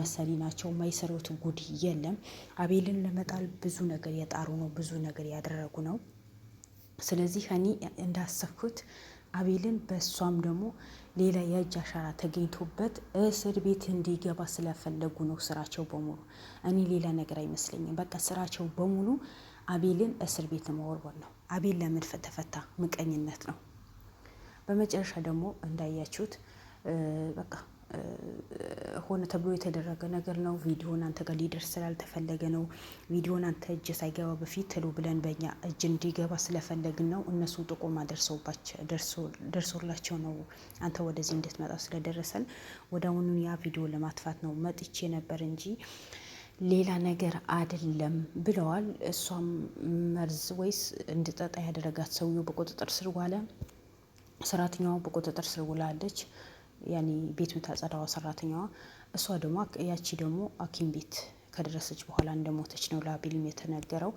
መሰሊ ናቸው። የማይሰሩት ጉድ የለም። አቤልን ለመጣል ብዙ ነገር የጣሩ ነው፣ ብዙ ነገር ያደረጉ ነው። ስለዚህ እኔ እንዳሰብኩት አቤልን በእሷም ደግሞ ሌላ የእጅ አሻራ ተገኝቶበት እስር ቤት እንዲገባ ስለፈለጉ ነው ስራቸው በሙሉ። እኔ ሌላ ነገር አይመስለኝም። በቃ ስራቸው በሙሉ አቤልን እስር ቤት መወርወር ነው። አቤል ለምን ተፈታ? ምቀኝነት ነው። በመጨረሻ ደግሞ እንዳያችሁት በቃ ሆነ ተብሎ የተደረገ ነገር ነው። ቪዲዮን አንተ ጋር ሊደርስ ስላልተፈለገ ነው። ቪዲዮን አንተ እጅ ሳይገባ በፊት ቶሎ ብለን በእኛ እጅ እንዲገባ ስለፈለግን ነው። እነሱ ጥቆማ ደርሶላቸው ነው አንተ ወደዚህ እንድትመጣ ስለደረሰን ወደ አሁኑ ያ ቪዲዮ ለማጥፋት ነው መጥቼ ነበር እንጂ ሌላ ነገር አይደለም ብለዋል። እሷም መርዝ ወይስ እንድጠጣ ያደረጋት ሰውየው በቁጥጥር ስር ዋለ። ሰራተኛዋ በቁጥጥር ስር ውላለች። ያኔ ቤቱን ታጸዳዋ ሰራተኛዋ። እሷ ደግሞ ያቺ ደግሞ ሐኪም ቤት ከደረሰች በኋላ እንደሞተች ነው ለአቤልም የተነገረው።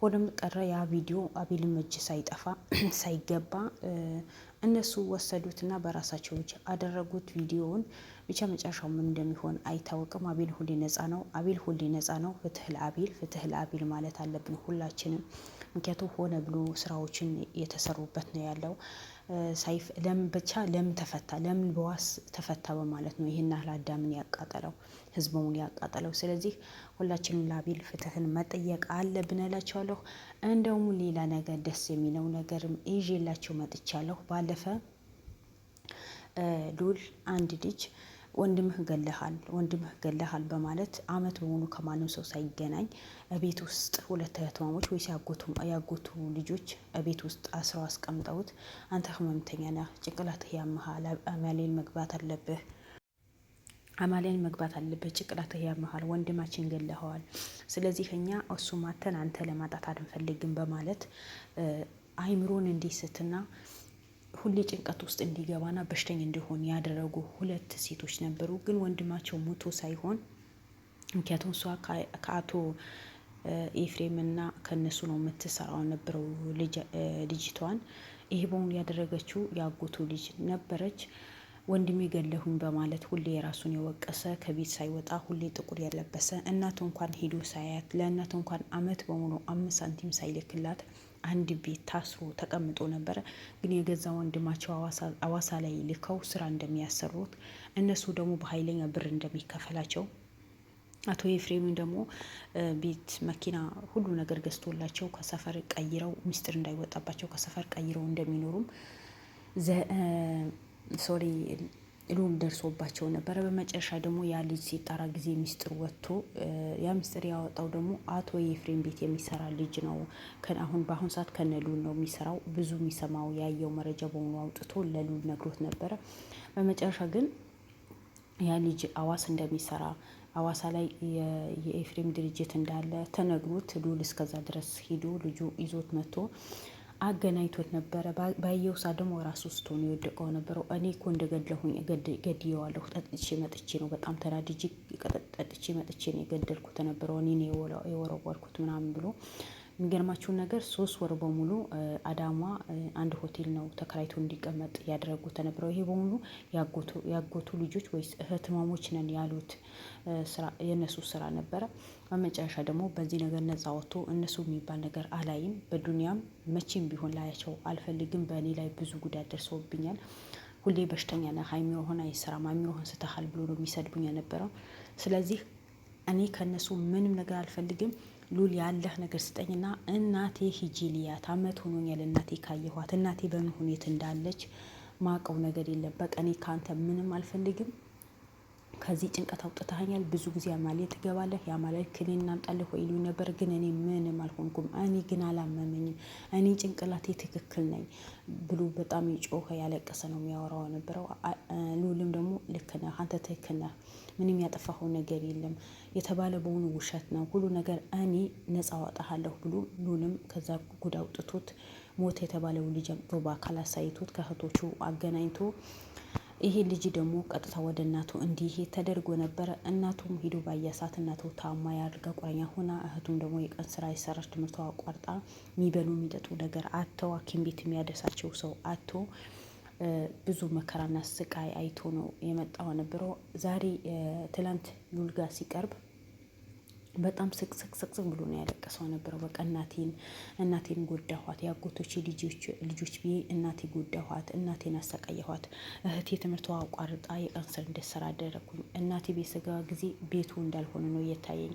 ሆኖም ቀረ ያ ቪዲዮ አቤልም እጅ ሳይጠፋ ሳይገባ እነሱ ወሰዱትና በራሳቸው እጅ አደረጉት ቪዲዮውን። ብቻ መጨረሻው ምን እንደሚሆን አይታወቅም። አቤል ሁሌ ነጻ ነው። አቤል ሁሌ ነፃ ነው። ፍትህ ለአቤል፣ ፍትህ ለአቤል ማለት አለብን ሁላችንም። ምክንያቱ ሆነ ብሎ ስራዎችን የተሰሩበት ነው ያለው። ሰይፍ ለምን ብቻ ለምን ተፈታ ለምን በዋስ ተፈታ በማለት ነው ይህን ያህል አዳምን ያቃጠለው ህዝቡን ያቃጠለው። ስለዚህ ሁላችንም ላቢል ፍትህን መጠየቅ አለብን እላቸዋለሁ። እንደውም ሌላ ነገር ደስ የሚለው ነገርም ይዤላቸው መጥቻለሁ። ባለፈ ሉል አንድ ልጅ ወንድምህ ገለሃል፣ ወንድምህ ገለሃል በማለት አመት በሆኑ ከማንም ሰው ሳይገናኝ ቤት ውስጥ ሁለት ህትማሞች ወይስ ያጎቱ ልጆች ቤት ውስጥ አስረው አስቀምጠውት አንተ ህመምተኛ ነህ፣ ጭንቅላትህ ያመሃል፣ አማሌን መግባት አለብህ አማሌን መግባት አለበት፣ ጭንቅላትህ ያመሃል፣ ወንድማችን ገለኸዋል። ስለዚህ እኛ እሱ ማተን አንተ ለማጣት አንፈልግም በማለት አይምሮን እንዲስትና ሁሌ ጭንቀት ውስጥ እንዲገባና በሽተኛ እንዲሆን ያደረጉ ሁለት ሴቶች ነበሩ። ግን ወንድማቸው ሞቶ ሳይሆን ምክንያቱም እሷ ከአቶ ኤፍሬም ከእነሱ ነው የምትሰራው ነበረው ልጅቷን። ይሄ በሙሉ ያደረገችው ያጎቱ ልጅ ነበረች። ወንድሜ ገለሁኝ በማለት ሁሌ የራሱን የወቀሰ ከቤት ሳይወጣ ሁሌ ጥቁር ያለበሰ እናቱ እንኳን ሄዶ ሳያት ለእናቱ እንኳን አመት በሙሉ አምስት ሳንቲም ሳይልክላት አንድ ቤት ታስሮ ተቀምጦ ነበረ። ግን የገዛ ወንድማቸው አዋሳ ላይ ልከው ስራ እንደሚያሰሩት እነሱ ደግሞ በኃይለኛ ብር እንደሚከፈላቸው አቶ ኤፍሬምን ደግሞ ቤት፣ መኪና፣ ሁሉ ነገር ገዝቶላቸው ከሰፈር ቀይረው ሚስጥር እንዳይወጣባቸው ከሰፈር ቀይረው እንደሚኖሩም ሶሪ ጥሎም ደርሶባቸው ነበረ። በመጨረሻ ደግሞ ያ ልጅ ሲጠራ ጊዜ ሚስጥር ወጥቶ ያ ሚስጥር ያወጣው ደግሞ አቶ የፍሬም ቤት የሚሰራ ልጅ ነው። አሁን በአሁኑ ሰዓት ከነሉል ነው የሚሰራው። ብዙ የሚሰማው ያየው መረጃ በሆኑ አውጥቶ ለሉል ነግሮት ነበረ። በመጨረሻ ግን ያ ልጅ አዋስ እንደሚሰራ አዋሳ ላይ የኤፍሬም ድርጅት እንዳለ ተነግሮት ሉል እስከዛ ድረስ ሂዶ ልጁ ይዞት መጥቶ አገናኝቶት ነበረ። ባየው ሳ ደግሞ ራሱ ውስጥ ሆኖ የወደቀው ነበረው። እኔ እኮ እንደገድለሁኝ ገድየዋለሁ፣ ጠጥቼ መጥቼ ነው፣ በጣም ተናድጄ ጠጥቼ መጥቼ ነው የገደልኩት ነበረው፣ እኔ የወረወርኩት ምናምን ብሎ የሚገርማቸው ነገር ሶስት ወር በሙሉ አዳማ አንድ ሆቴል ነው ተከራይቶ እንዲቀመጥ ያደረጉ ተነበረው። ይሄ በሙሉ ያጎቱ ልጆች ወይስ እህትማሞች ነን ያሉት የእነሱ ስራ ነበረ። በመጨረሻ ደግሞ በዚህ ነገር ነጻ ወጥቶ እነሱ የሚባል ነገር አላይም፣ በዱኒያም መቼም ቢሆን ላያቸው አልፈልግም። በእኔ ላይ ብዙ ጉዳት ደርሰውብኛል። ሁሌ በሽተኛ ነህ፣ አይምሮህን አይሰራም፣ አይምሮህን ስተሃል ብሎ ነው የሚሰድቡኝ የነበረው። ስለዚህ እኔ ከእነሱ ምንም ነገር አልፈልግም። ሉል ያለህ ነገር ስጠኝና እናቴ ሂጂ ልያት አመት ሆኖኛል እናቴ ካየኋት እናቴ በምን ሁኔት እንዳለች ማቀው ነገር የለም። በቃ እኔ ከአንተ ምንም አልፈልግም። ከዚህ ጭንቀት አውጥተኸኛል። ብዙ ጊዜ አማሌ ትገባለህ የአማላይ ክኒን እናምጣለህ ወይ ይሉኝ ነበር፣ ግን እኔ ምንም አልሆንኩም። እኔ ግን አላመመኝም። እኔ ጭንቅላቴ ትክክል ነኝ ብሎ በጣም የጮኸ ያለቀሰ ነው የሚያወራው ነበረው ሉል ልክ ነህ፣ አንተ ትክክል ነህ፣ ምንም ያጠፋኸው ነገር የለም፣ የተባለ በሆኑ ውሸት ነው ሁሉ ነገር እኔ ነፃ አወጣሃለሁ ብሎ ሉንም ከዛ ጉድ አውጥቶት ሞት የተባለው ልጅ አምጥቶ በአካል አሳይቶት ከእህቶቹ አገናኝቶ ይሄ ልጅ ደግሞ ቀጥታ ወደ እናቱ እንዲሄ ተደርጎ ነበረ። እናቱም ሂዶ ባያሳት እናቱ ታማ ያድርገ ቁራኛ ሆና፣ እህቱም ደግሞ የቀን ስራ የሰራች ትምህርቷ አቋርጣ የሚበሉ የሚጠጡ ነገር አጥተው ሐኪም ቤት የሚያደርሳቸው ሰው አቶ ብዙ መከራና ስቃይ አይቶ ነው የመጣው ነበረው። ዛሬ ትላንት ዩልጋ ሲቀርብ በጣም ስቅስቅስቅስቅ ብሎ ነው ያለቀሰው ነበረው። በቃ እናቴን እናቴን ጎዳኋት፣ የአጎቶቼ ልጆች ብዬ እናቴ ጎዳኋት፣ እናቴን አሰቃየኋት፣ እህቴ ትምህርቷ አቋርጣ የቀንስር እንደሰራ አደረግኩኝ። እናቴ ቤት ስገባ ጊዜ ቤቱ እንዳልሆነ ነው እየታየኝ።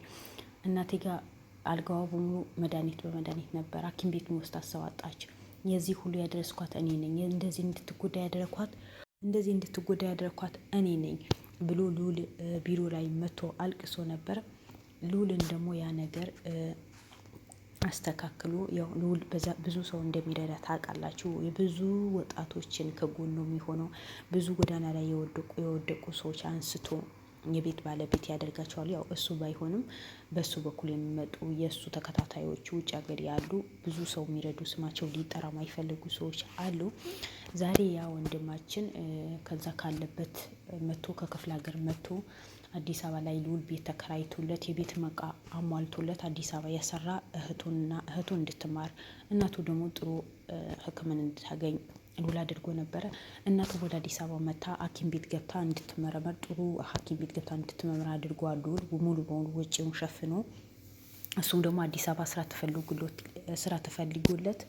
እናቴ ጋር አልጋዋ በሙሉ መድኃኒት በመድኃኒት ነበር። ሐኪም ቤት ውስጥ አሰዋጣች። የዚህ ሁሉ ያደረስኳት እኔ ነኝ፣ እንደዚህ እንድትጎዳ ያደረኳት እንደዚህ እንድትጎዳ ያደረኳት እኔ ነኝ ብሎ ሉል ቢሮ ላይ መቶ አልቅሶ ነበር። ሉልን ደግሞ ያ ነገር አስተካክሎ ያው ብዙ ሰው እንደሚረዳ ታውቃላችሁ። የብዙ ወጣቶችን ከጎኑ የሚሆነው ብዙ ጎዳና ላይ የወደቁ ሰዎች አንስቶ የቤት ባለቤት ያደርጋቸዋል። ያው እሱ ባይሆንም በሱ በኩል የሚመጡ የእሱ ተከታታዮች ውጭ ሀገር ያሉ ብዙ ሰው የሚረዱ ስማቸው ሊጠራ ማይፈልጉ ሰዎች አሉ። ዛሬ ያ ወንድማችን ከዛ ካለበት መቶ ከክፍለ ሀገር መቶ አዲስ አበባ ላይ ልውል ቤት ተከራይቶለት የቤት መቃ አሟልቶለት አዲስ አበባ ያሰራ እህቱና እህቱ እንድትማር እናቱ ደግሞ ጥሩ ሕክምና እንድታገኝ ውል አድርጎ ነበረ። እናቱ ወደ አዲስ አበባ መታ ሐኪም ቤት ገብታ እንድትመረመር ጥሩ ሐኪም ቤት ገብታ እንድትመረመር አድርጓል። ውል ሙሉ በሙሉ ወጪውን ሸፍኖ እሱም ደግሞ አዲስ አበባ ስራ ተፈልጎለት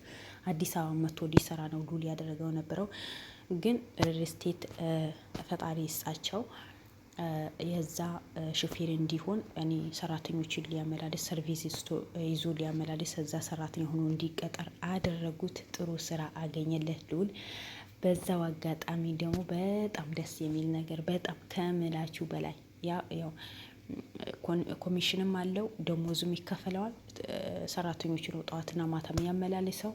አዲስ አበባ መጥቶ ሊሰራ ነው ሉል ያደረገው ነበረው። ግን ሪልስቴት ፈጣሪ ይስጣቸው የዛ ሹፌር እንዲሆን እኔ ሰራተኞችን ሊያመላልስ ሰርቪስ ይዞ ሊያመላልስ እዛ ሰራተኛ ሆኖ እንዲቀጠር አደረጉት። ጥሩ ስራ አገኘለት ልውል በዛው አጋጣሚ ደግሞ በጣም ደስ የሚል ነገር በጣም ከምላችሁ በላይ ያው ኮሚሽንም አለው ደሞዙም ይከፈለዋል። ሰራተኞች ነው ጠዋትና ማታም ያመላልሰው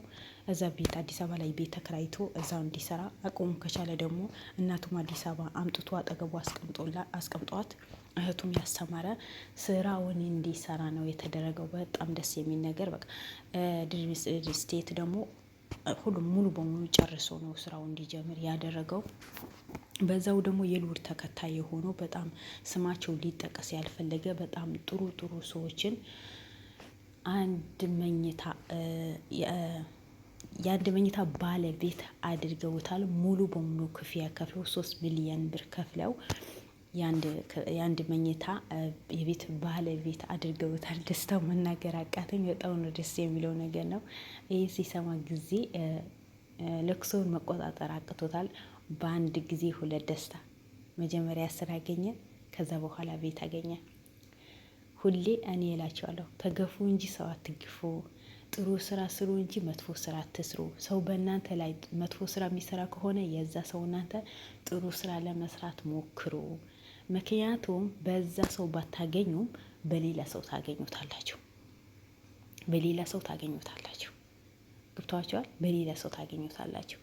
እዛ ቤት አዲስ አበባ ላይ ቤት ተከራይቶ እዛው እንዲሰራ አቆሙ። ከቻለ ደግሞ እናቱም አዲስ አበባ አምጥቶ አጠገቡ አስቀምጧት እህቱም ያስተማረ ስራውን እንዲሰራ ነው የተደረገው። በጣም ደስ የሚል ነገር በቃ ስቴት ደግሞ ሁሉም ሙሉ በሙሉ ጨርሶ ነው ስራው እንዲጀምር ያደረገው። በዛው ደግሞ የልዑል ተከታይ የሆነው በጣም ስማቸው ሊጠቀስ ያልፈለገ በጣም ጥሩ ጥሩ ሰዎችን አንድ መኝታ የአንድ መኝታ ባለቤት አድርገውታል። ሙሉ በሙሉ ክፍያ ከፍለው ሶስት ሚሊየን ብር ከፍለው የአንድ መኝታ የቤት ባለቤት አድርገውታል። ደስታው መናገር አቃተኝ። በጣም ነው ደስ የሚለው ነገር ነው። ይህ ሲሰማ ጊዜ ለቅሶውን መቆጣጠር አቅቶታል። በአንድ ጊዜ ሁለት ደስታ። መጀመሪያ ስራ አገኘ፣ ከዛ በኋላ ቤት አገኘ። ሁሌ እኔ እላቸዋለሁ ተገፉ እንጂ ሰው አትግፉ። ጥሩ ስራ ስሩ እንጂ መጥፎ ስራ አትስሩ። ሰው በእናንተ ላይ መጥፎ ስራ የሚሰራ ከሆነ የዛ ሰው እናንተ ጥሩ ስራ ለመስራት ሞክሩ። ምክንያቱም በዛ ሰው ባታገኙም በሌላ ሰው ታገኙታላችሁ። በሌላ ሰው ታገኙታላችሁ። ገብቷችኋል? በሌላ ሰው ታገኙታላችሁ።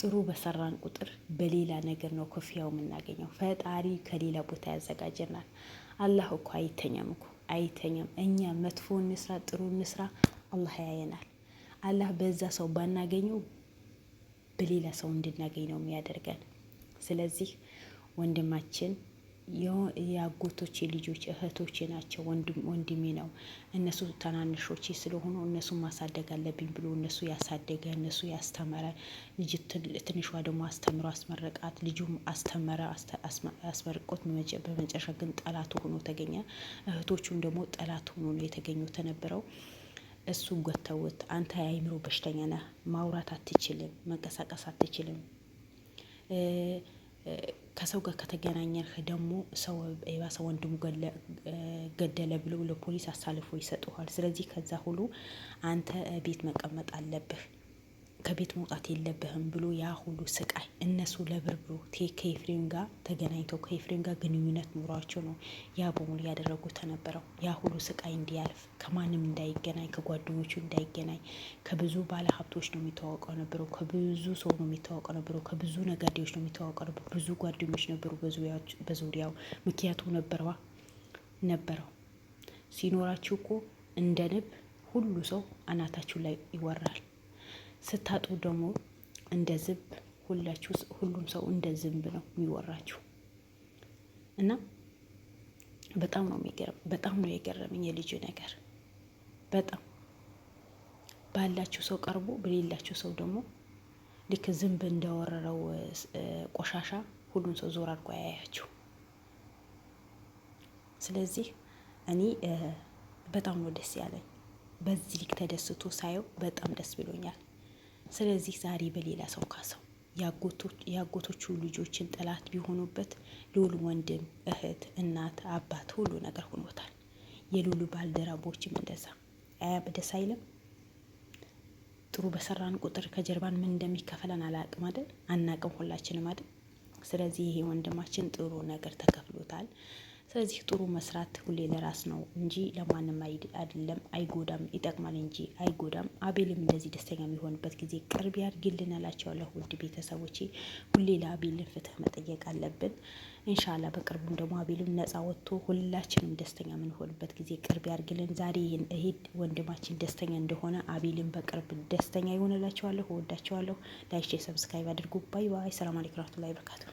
ጥሩ በሰራን ቁጥር በሌላ ነገር ነው ክፍያው የምናገኘው። ፈጣሪ ከሌላ ቦታ ያዘጋጀናል። አላህ እኮ አይተኛም እኮ አይተኛም። እኛ መጥፎ እንስራ ጥሩ እንስራ አላህ ያየናል። አላህ በዛ ሰው ባናገኘው በሌላ ሰው እንድናገኝ ነው የሚያደርገን። ስለዚህ ወንድማችን የአጎቶቼ ልጆች እህቶቼ ናቸው፣ ወንድሜ ነው። እነሱ ተናንሾቼ ስለሆኑ እነሱ ማሳደግ አለብኝ ብሎ እነሱ ያሳደገ እነሱ ያስተመረ ልጅ ትንሿ ደግሞ አስተምሮ አስመረቃት። ልጁም አስተመረ አስመርቆት፣ በመጨረሻ ግን ጠላት ሆኖ ተገኘ። እህቶቹም ደግሞ ጠላት ሆኖ ነው የተገኘው ተነበረው እሱ ጎተውት፣ አንተ የአይምሮ በሽተኛ ነህ፣ ማውራት አትችልም፣ መንቀሳቀስ አትችልም ከሰው ጋር ከተገናኘህ ደግሞ ሰው የባሰ ወንድሙ ገደለ ብለው ለፖሊስ አሳልፎ ይሰጡሃል። ስለዚህ ከዛ ሁሉ አንተ ቤት መቀመጥ አለብህ። ከቤት መውጣት የለብህም ብሎ ያ ሁሉ ስቃይ እነሱ ለብር ብሎ ከኤፍሬም ጋር ተገናኝተው ከኤፍሬም ጋር ግንኙነት ኑሯቸው ነው ያ በሙሉ ያደረጉት ተነበረው ያ ሁሉ ስቃይ እንዲያልፍ ከማንም እንዳይገናኝ ከጓደኞቹ እንዳይገናኝ ከብዙ ባለ ሀብቶች ነው የሚተዋወቀው ነበረው። ከብዙ ሰው ነው የሚተዋወቀው ነበረው። ከብዙ ነጋዴዎች ነው የሚተዋወቀው ነበሩ ብዙ ጓደኞች ነበሩ በዙሪያው ምክንያቱ ነበረዋ ነበረው ሲኖራችሁ እኮ እንደ ንብ ሁሉ ሰው አናታችሁ ላይ ይወራል። ስታጡ ደግሞ እንደ ዝንብ ሁላችሁ ሁሉም ሰው እንደ ዝንብ ነው የሚወራችሁ እና በጣም ነው የሚገርም። በጣም ነው የገረመኝ የልጁ ነገር በጣም ባላችሁ ሰው ቀርቦ በሌላችሁ ሰው ደግሞ ልክ ዝንብ እንደወረረው ቆሻሻ ሁሉም ሰው ዞር አድርጎ ያያችሁ። ስለዚህ እኔ በጣም ነው ደስ ያለኝ። በዚህ ልክ ተደስቶ ሳየው በጣም ደስ ብሎኛል። ስለዚህ ዛሬ በሌላ ሰው ካሰው የአጎቶቹ ልጆችን ጠላት ቢሆኑበት ልዑል ወንድም፣ እህት፣ እናት፣ አባት ሁሉ ነገር ሆኖታል። የልዑል ባልደረቦችም እንደዛ አያ በደስ አይልም። ጥሩ በሰራን ቁጥር ከጀርባን ምን እንደሚከፈለን አላቅም አይደል? አናቅም ሁላችንም አይደል? ስለዚህ ይሄ ወንድማችን ጥሩ ነገር ተከፍሎታል። ስለዚህ ጥሩ መስራት ሁሌ ለራስ ነው እንጂ ለማንም አይደለም። አይጎዳም፣ ይጠቅማል እንጂ አይጎዳም። አቤልም እንደዚህ ደስተኛ የሚሆንበት ጊዜ ቅርብ ያድርግልን እላቸዋለሁ። ውድ ቤተሰቦቼ ሁሌ ለአቤልን ፍትህ መጠየቅ አለብን። እንሻላ በቅርቡም ደግሞ አቤልም ነፃ ወጥቶ ሁላችንም ደስተኛ የምንሆንበት ጊዜ ቅርብ ያድግልን። ዛሬ ይህን እሄድ ወንድማችን ደስተኛ እንደሆነ አቤልም በቅርብ ደስተኛ ይሆንላቸዋለሁ። እወዳቸዋለሁ። ላይክ፣ ሰብስክራይብ አድርጉ። ባይ ባይ። ሰላም አለይኩም ወራህመቱላሂ ወበረካቱ።